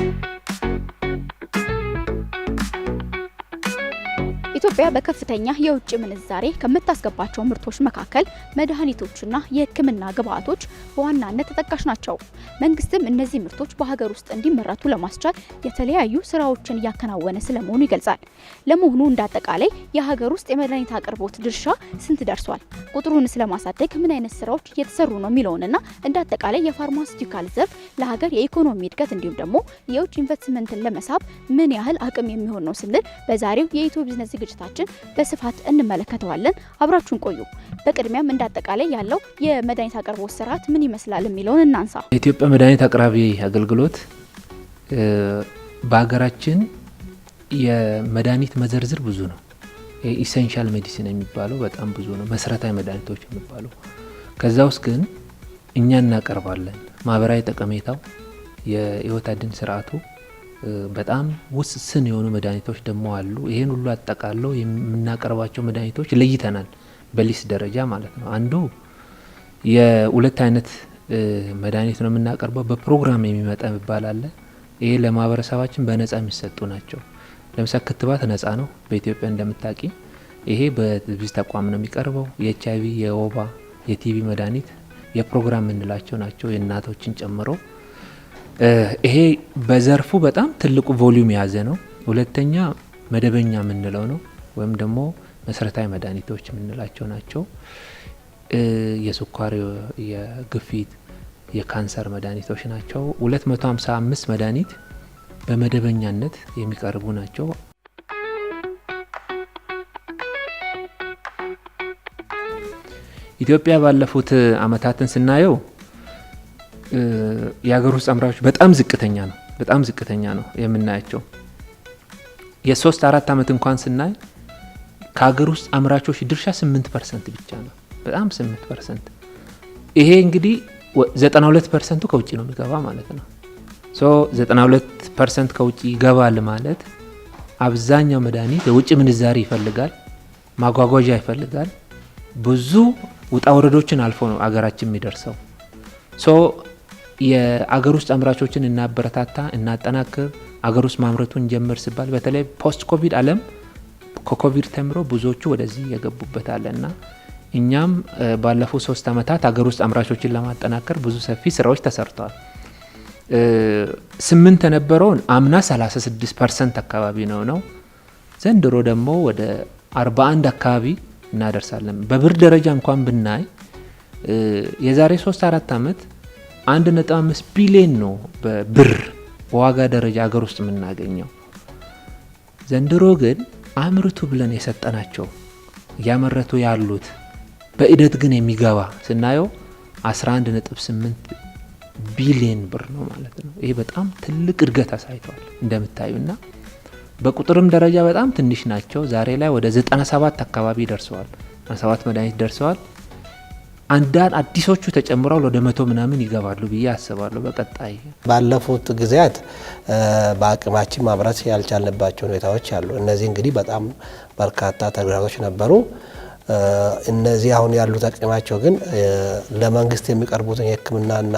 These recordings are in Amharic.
you ኢትዮጵያ በከፍተኛ የውጭ ምንዛሬ ከምታስገባቸው ምርቶች መካከል መድኃኒቶችና የሕክምና ግብዓቶች በዋናነት ተጠቃሽ ናቸው። መንግስትም እነዚህ ምርቶች በሀገር ውስጥ እንዲመረቱ ለማስቻል የተለያዩ ስራዎችን እያከናወነ ስለመሆኑ ይገልጻል። ለመሆኑ እንዳጠቃላይ የሀገር ውስጥ የመድኃኒት አቅርቦት ድርሻ ስንት ደርሷል? ቁጥሩን ስለማሳደግ ምን አይነት ስራዎች እየተሰሩ ነው የሚለውንና እንዳጠቃላይ አጠቃላይ ዘርፍ ለሀገር የኢኮኖሚ እድገት እንዲሁም ደግሞ የውጭ ኢንቨስትመንትን ለመሳብ ምን ያህል አቅም የሚሆን ነው ስንል በዛሬው የኢትዮ ቢዝነስ ዝግጅታ? ዝግጅታችን በስፋት እንመለከተዋለን። አብራችሁን ቆዩ። በቅድሚያም እንዳጠቃላይ ያለው የመድኃኒት አቅርቦት ስርዓት ምን ይመስላል የሚለውን እናንሳ። የኢትዮጵያ መድኃኒት አቅራቢ አገልግሎት በሀገራችን የመድኃኒት መዘርዝር ብዙ ነው። ኢሰንሻል ሜዲሲን የሚባለው በጣም ብዙ ነው፣ መሰረታዊ መድኃኒቶች የሚባለው ከዛ ውስጥ ግን እኛ እናቀርባለን። ማህበራዊ ጠቀሜታው የህይወት አድን ስርዓቱ በጣም ውስን የሆኑ መድኃኒቶች ደግሞ አሉ። ይህን ሁሉ አጠቃለው የምናቀርባቸው መድኃኒቶች ለይተናል፣ በሊስ ደረጃ ማለት ነው። አንዱ የሁለት አይነት መድኃኒት ነው የምናቀርበው። በፕሮግራም የሚመጣ የሚባል አለ። ይሄ ለማህበረሰባችን በነጻ የሚሰጡ ናቸው። ለምሳሌ ክትባት ነጻ ነው በኢትዮጵያ እንደምታቂ። ይሄ በዚህ ተቋም ነው የሚቀርበው። የኤች አይቪ፣ የወባ፣ የቲቪ መድኃኒት የፕሮግራም የምንላቸው ናቸው የእናቶችን ጨምሮ ይሄ በዘርፉ በጣም ትልቁ ቮሊዩም የያዘ ነው። ሁለተኛ መደበኛ የምንለው ነው ወይም ደግሞ መሰረታዊ መድኃኒቶች የምንላቸው ናቸው። የስኳር፣ የግፊት፣ የካንሰር መድኃኒቶች ናቸው። 255 መድኃኒት በመደበኛነት የሚቀርቡ ናቸው። ኢትዮጵያ ባለፉት አመታትን ስናየው የሀገር ውስጥ አምራቾች በጣም ዝቅተኛ ነው፣ በጣም ዝቅተኛ ነው የምናያቸው። የሶስት አራት ዓመት እንኳን ስናይ ከሀገር ውስጥ አምራቾች ድርሻ ስምንት ፐርሰንት ብቻ ነው፣ በጣም 8 ፐርሰንት። ይሄ እንግዲህ ዘጠና ፐርሰንቱ ከውጭ ነው የሚገባ ማለት ነው። 92 ፐርሰንት ከውጭ ይገባል ማለት አብዛኛው መድኃኒት የውጭ ምንዛሪ ይፈልጋል፣ ማጓጓዣ ይፈልጋል። ብዙ ውጣ ወረዶችን አልፎ ነው አገራችን የሚደርሰው። የአገር ውስጥ አምራቾችን እናበረታታ፣ እናጠናክር፣ አገር ውስጥ ማምረቱን ጀምር ሲባል በተለይ ፖስት ኮቪድ አለም ከኮቪድ ተምሮ ብዙዎቹ ወደዚህ የገቡበት አለና እኛም ባለፉት ሶስት ዓመታት አገር ውስጥ አምራቾችን ለማጠናከር ብዙ ሰፊ ስራዎች ተሰርተዋል። ስምንት የነበረውን አምና 36 ፐርሰንት አካባቢ ነው ነው ዘንድሮ ደግሞ ወደ 41 አካባቢ እናደርሳለን። በብር ደረጃ እንኳን ብናይ የዛሬ 3 4 ዓመት አንድ ነጥብ አምስት ቢሊዮን ነው በብር በዋጋ ደረጃ ሀገር ውስጥ የምናገኘው። ዘንድሮ ግን አምርቱ ብለን የሰጠናቸው እያመረቱ ያሉት በሂደት ግን የሚገባ ስናየው 11.8 ቢሊዮን ብር ነው ማለት ነው። ይሄ በጣም ትልቅ እድገት አሳይቷል እንደምታዩና በቁጥርም ደረጃ በጣም ትንሽ ናቸው። ዛሬ ላይ ወደ 97 አካባቢ ደርሰዋል። 97 መድኃኒት ደርሰዋል። አንዳንድ አዲሶቹ ተጨምረው ወደ መቶ ምናምን ይገባሉ ብዬ አስባለሁ። በቀጣይ ባለፉት ጊዜያት በአቅማችን ማምረት ያልቻልንባቸው ሁኔታዎች አሉ። እነዚህ እንግዲህ በጣም በርካታ ተግዳሮቶች ነበሩ። እነዚህ አሁን ያሉት አቅማቸው ግን ለመንግስት የሚቀርቡትን የህክምናና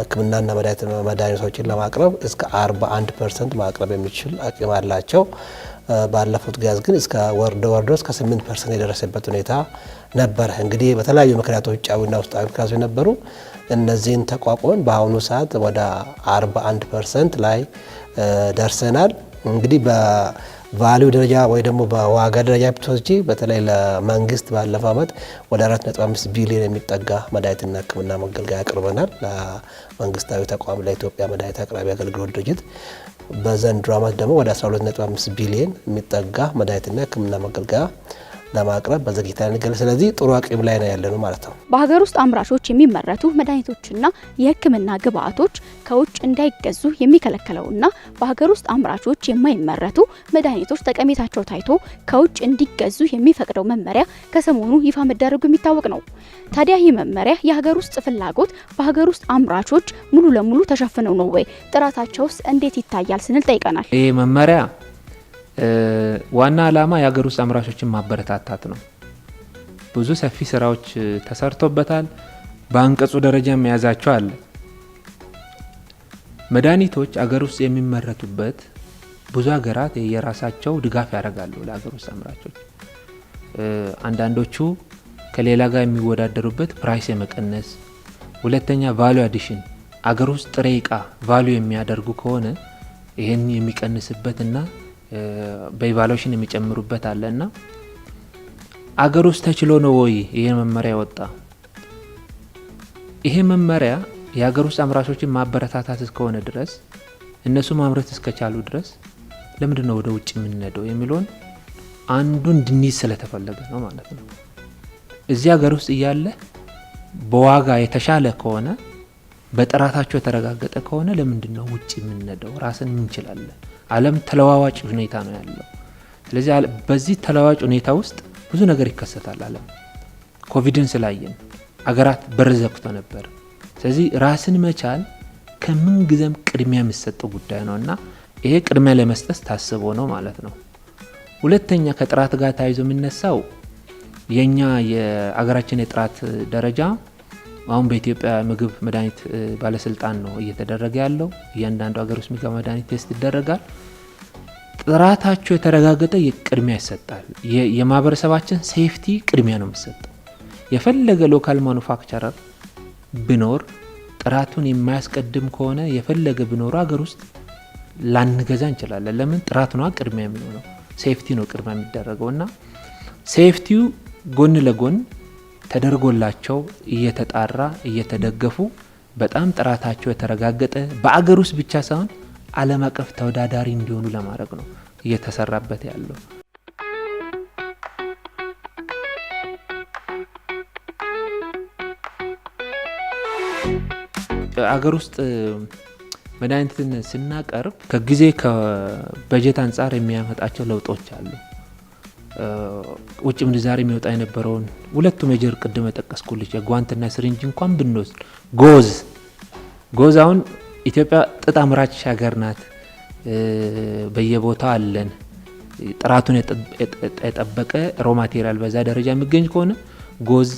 ህክምናና መድኃኒቶችን ለማቅረብ እስከ 41 ፐርሰንት ማቅረብ የሚችል አቅም አላቸው። ባለፉት ጊዜ ግን እስከ ወርዶ ወርዶ እስከ 8 ፐርሰንት የደረሰበት ሁኔታ ነበረ። እንግዲህ በተለያዩ ምክንያቶች ውጫዊና ውስጣዊ ምክንያቶች ነበሩ። እነዚህን ተቋቁመን በአሁኑ ሰዓት ወደ 41 ፐርሰንት ላይ ደርሰናል። እንግዲህ ቫሊዩ ደረጃ ወይ ደግሞ በዋጋ ደረጃ ብትወስጂ በተለይ ለመንግስት ባለፈው ዓመት ወደ 4.5 ቢሊዮን የሚጠጋ መድኃኒትና ሕክምና መገልገያ አቅርበናል ለመንግስታዊ ተቋም ለኢትዮጵያ መድኃኒት አቅራቢ አገልግሎት ድርጅት። በዘንድሮ ዓመት ደግሞ ወደ 12.5 ቢሊዮን የሚጠጋ መድኃኒትና ሕክምና መገልገያ ለማቅረብ በዘግይታ ንገል። ስለዚህ ጥሩ አቅም ላይ ነው ያለነው ማለት ነው። በሀገር ውስጥ አምራቾች የሚመረቱ መድኃኒቶችና የሕክምና ግብአቶች ከውጭ እንዳይገዙ የሚከለከለውና በሀገር ውስጥ አምራቾች የማይመረቱ መድኃኒቶች ጠቀሜታቸው ታይቶ ከውጭ እንዲገዙ የሚፈቅደው መመሪያ ከሰሞኑ ይፋ መደረጉ የሚታወቅ ነው። ታዲያ ይህ መመሪያ የሀገር ውስጥ ፍላጎት በሀገር ውስጥ አምራቾች ሙሉ ለሙሉ ተሸፍነው ነው ወይ? ጥራታቸውስ እንዴት ይታያል ስንል ጠይቀናል። ይህ መመሪያ ዋና ዓላማ የሀገር ውስጥ አምራቾችን ማበረታታት ነው። ብዙ ሰፊ ስራዎች ተሰርቶበታል። በአንቀጹ ደረጃ መያዛቸው አለ። መድኃኒቶች አገር ውስጥ የሚመረቱበት ብዙ ሀገራት የራሳቸው ድጋፍ ያደርጋሉ ለሀገር ውስጥ አምራቾች። አንዳንዶቹ ከሌላ ጋር የሚወዳደሩበት ፕራይስ የመቀነስ ሁለተኛ ቫሉ አዲሽን አገር ውስጥ ጥሬ እቃ ቫሉ የሚያደርጉ ከሆነ ይህን የሚቀንስበትና በኢቫሉዌሽን የሚጨምሩበት አለ እና አገር ውስጥ ተችሎ ነው ወይ ይሄ መመሪያ ወጣ? ይሄ መመሪያ የሀገር ውስጥ አምራቾችን ማበረታታት እስከሆነ ድረስ እነሱ ማምረት እስከቻሉ ድረስ ለምንድን ነው ወደ ውጭ የምንነደው የሚለውን አንዱ እንድንይዝ ስለተፈለገ ነው ማለት ነው። እዚህ ሀገር ውስጥ እያለ በዋጋ የተሻለ ከሆነ በጥራታቸው የተረጋገጠ ከሆነ ለምንድን ነው ውጭ የምንነደው? ራስን እንችላለን። ዓለም ተለዋዋጭ ሁኔታ ነው ያለው። ስለዚህ በዚህ ተለዋዋጭ ሁኔታ ውስጥ ብዙ ነገር ይከሰታል። ዓለም ኮቪድን ስላየን አገራት በር ዘግቶ ነበር። ስለዚህ ራስን መቻል ከምንጊዜም ቅድሚያ የሚሰጠው ጉዳይ ነው እና ይሄ ቅድሚያ ለመስጠት ታስቦ ነው ማለት ነው። ሁለተኛ ከጥራት ጋር ተያይዞ የሚነሳው የእኛ የአገራችን የጥራት ደረጃ አሁን በኢትዮጵያ ምግብ መድኃኒት ባለስልጣን ነው እየተደረገ ያለው። እያንዳንዱ ሀገር ውስጥ የሚገባ መድኃኒት ቴስት ይደረጋል። ጥራታቸው የተረጋገጠ ቅድሚያ ይሰጣል። የማህበረሰባችን ሴፍቲ ቅድሚያ ነው የሚሰጠው። የፈለገ ሎካል ማኑፋክቸረር ብኖር ጥራቱን የማያስቀድም ከሆነ የፈለገ ብኖሩ ሀገር ውስጥ ላንገዛ እንችላለን። ለምን ጥራት ነዋ ቅድሚያ የሚሆነው ሴፍቲ ነው ቅድሚያ የሚደረገው እና ሴፍቲው ጎን ለጎን ተደርጎላቸው እየተጣራ እየተደገፉ በጣም ጥራታቸው የተረጋገጠ በአገር ውስጥ ብቻ ሳይሆን ዓለም አቀፍ ተወዳዳሪ እንዲሆኑ ለማድረግ ነው እየተሰራበት ያለው። አገር ውስጥ መድኃኒትን ስናቀርብ ከጊዜ ከበጀት አንጻር የሚያመጣቸው ለውጦች አሉ። ውጭ ምንዛሬ የሚወጣ የነበረውን ሁለቱ ሜጀር ቅድመ ጠቀስኩልሽ የጓንትና ስሪንጅ እንኳን ብንወስድ ጎዝ ጎዝ አሁን ኢትዮጵያ ጥጥ አምራች ሀገር ናት። በየቦታው አለን። ጥራቱን የጠበቀ ሮ ማቴሪያል በዛ ደረጃ የሚገኝ ከሆነ ጎዝ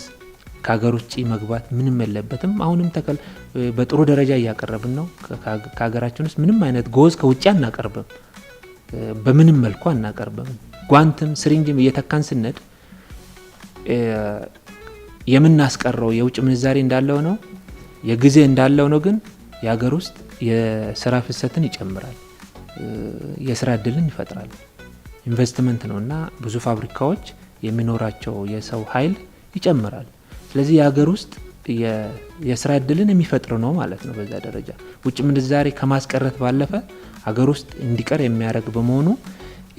ከሀገር ውጭ መግባት ምንም የለበትም። አሁንም ተከል በጥሩ ደረጃ እያቀረብን ነው። ከሀገራችን ውስጥ ምንም አይነት ጎዝ ከውጭ አናቀርብም፣ በምንም መልኩ አናቀርብም። ጓንትም ስሪንጅም እየተካን ስነድ የምናስቀረው የውጭ ምንዛሬ እንዳለው ነው፣ የጊዜ እንዳለው ነው። ግን የሀገር ውስጥ የስራ ፍሰትን ይጨምራል፣ የስራ እድልን ይፈጥራል። ኢንቨስትመንት ነው እና ብዙ ፋብሪካዎች የሚኖራቸው የሰው ኃይል ይጨምራል። ስለዚህ የሀገር ውስጥ የስራ እድልን የሚፈጥር ነው ማለት ነው። በዛ ደረጃ ውጭ ምንዛሬ ከማስቀረት ባለፈ ሀገር ውስጥ እንዲቀር የሚያደርግ በመሆኑ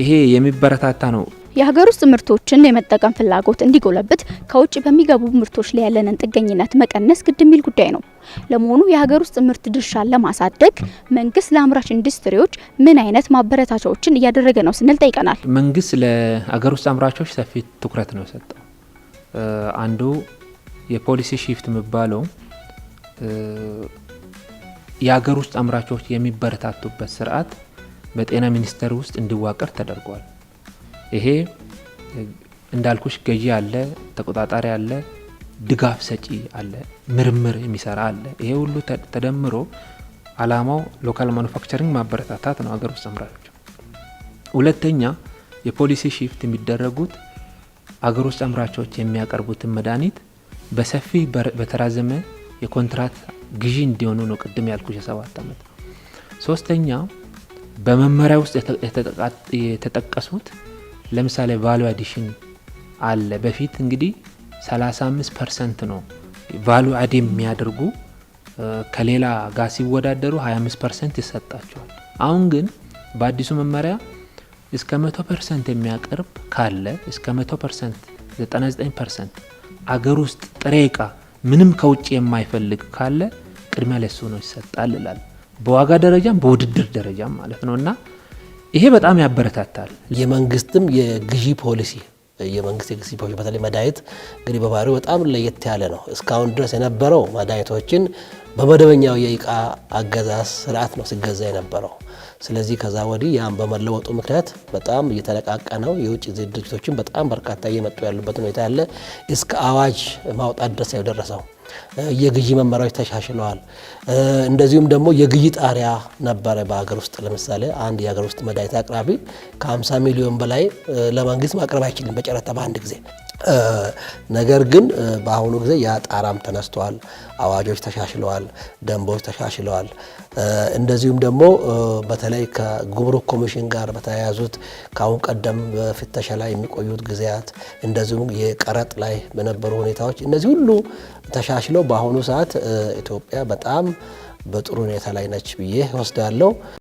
ይሄ የሚበረታታ ነው። የሀገር ውስጥ ምርቶችን የመጠቀም ፍላጎት እንዲጎለብት ከውጭ በሚገቡ ምርቶች ላይ ያለንን ጥገኝነት መቀነስ ግድ የሚል ጉዳይ ነው። ለመሆኑ የሀገር ውስጥ ምርት ድርሻን ለማሳደግ መንግስት ለአምራች ኢንዱስትሪዎች ምን አይነት ማበረታቻዎችን እያደረገ ነው ስንል ጠይቀናል። መንግስት ለሀገር ውስጥ አምራቾች ሰፊ ትኩረት ነው የሰጠው። አንዱ የፖሊሲ ሺፍት የሚባለው የሀገር ውስጥ አምራቾች የሚበረታቱበት ስርዓት በጤና ሚኒስቴር ውስጥ እንዲዋቀር ተደርጓል። ይሄ እንዳልኩሽ ገዢ አለ፣ ተቆጣጣሪ አለ፣ ድጋፍ ሰጪ አለ፣ ምርምር የሚሰራ አለ። ይሄ ሁሉ ተደምሮ አላማው ሎካል ማኑፋክቸሪንግ ማበረታታት ነው፣ ሀገር ውስጥ አምራቾች። ሁለተኛ የፖሊሲ ሺፍት የሚደረጉት አገር ውስጥ አምራቾች የሚያቀርቡትን መድኃኒት በሰፊ በተራዘመ የኮንትራት ግዢ እንዲሆኑ ነው። ቅድም ያልኩሽ የሰባት ዓመት ሶስተኛው በመመሪያ ውስጥ የተጠቀሱት ለምሳሌ ቫሉ አዲሽን አለ። በፊት እንግዲህ 35 ፐርሰንት ነው ቫሉ አድ የሚያደርጉ ከሌላ ጋር ሲወዳደሩ 25 ፐርሰንት ይሰጣቸዋል። አሁን ግን በአዲሱ መመሪያ እስከ 100 ፐርሰንት የሚያቀርብ ካለ እስከ 100 ፐርሰንት 99 ፐርሰንት አገር ውስጥ ጥሬ እቃ ምንም ከውጭ የማይፈልግ ካለ ቅድሚያ ለሱ ነው ይሰጣል ይላል። በዋጋ ደረጃም በውድድር ደረጃም ማለት ነው እና ይሄ በጣም ያበረታታል። የመንግስትም የግዢ ፖሊሲ የመንግስት የግዢ ፖሊሲ በተለይ መድኃኒት እንግዲህ በባህሪው በጣም ለየት ያለ ነው። እስካሁን ድረስ የነበረው መድኃኒቶችን በመደበኛው የእቃ አገዛዝ ስርዓት ነው ሲገዛ የነበረው። ስለዚህ ከዛ ወዲህ ያም በመለወጡ ምክንያት በጣም እየተነቃቀ ነው። የውጭ ድርጅቶችን በጣም በርካታ እየመጡ ያሉበት ሁኔታ ያለ እስከ አዋጅ ማውጣት ድረስ የደረሰው። የግዢ መመሪያዎች ተሻሽለዋል። እንደዚሁም ደግሞ የግዢ ጣሪያ ነበረ በሀገር ውስጥ ለምሳሌ አንድ የሀገር ውስጥ መድኃኒት አቅራቢ ከ50 ሚሊዮን በላይ ለመንግስት ማቅረብ አይችልም በጨረታ በአንድ ጊዜ ነገር ግን በአሁኑ ጊዜ ያ ጣራም ተነስተዋል። አዋጆች ተሻሽለዋል። ደንቦች ተሻሽለዋል። እንደዚሁም ደግሞ በተለይ ከጉምሩክ ኮሚሽን ጋር በተያያዙት ከአሁን ቀደም በፍተሻ ላይ የሚቆዩት ጊዜያት እንደዚሁም የቀረጥ ላይ በነበሩ ሁኔታዎች እነዚህ ሁሉ ተሻሽለው በአሁኑ ሰዓት ኢትዮጵያ በጣም በጥሩ ሁኔታ ላይ ነች ብዬ ወስዳለሁ።